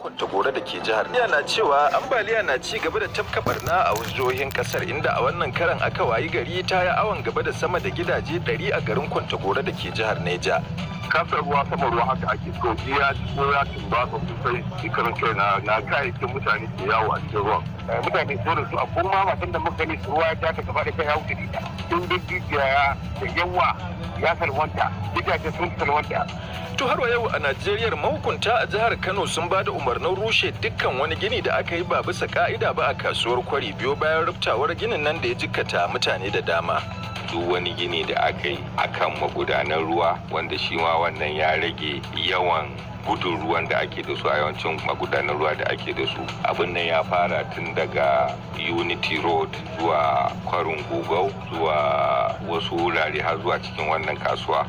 kwantagora da ke jihar na cewa ambaliya na ci gaba da tafka barna a wajohin kasar inda a wannan karan aka wayi gari ta yi awon gaba da sama da gidaje 100 a garin kwantagora da ke jihar neja kasa ruwa sama ruwa haka ake so ya ko ya tumbata sai ikarin kai na na kayayyakin mutane ke yawo a cikin ruwan eh, mutane da su a kuma matan da muka gani ruwa ya ta gaba da kai ya wuce ta tun duk dukiya da yawa ya salwanta gidaje sun salwanta to har yau a Najeriya mahukunta a jihar Kano sun ba da umarnin rushe dukkan wani gini da aka yi ba bisa ka'ida ba a kasuwar kwari biyo bayan ruftawar ginin nan da ya jikkata mutane da dama duk wani gini da aka yi akan magudanan ruwa wanda shi ma wannan ya rage yawan gudun ruwan da ake da su a yawancin magudanar ruwa da ake da su abin nan ya fara tun daga unity road zuwa kwarin gugau zuwa wasu wurare har zuwa cikin wannan kasuwa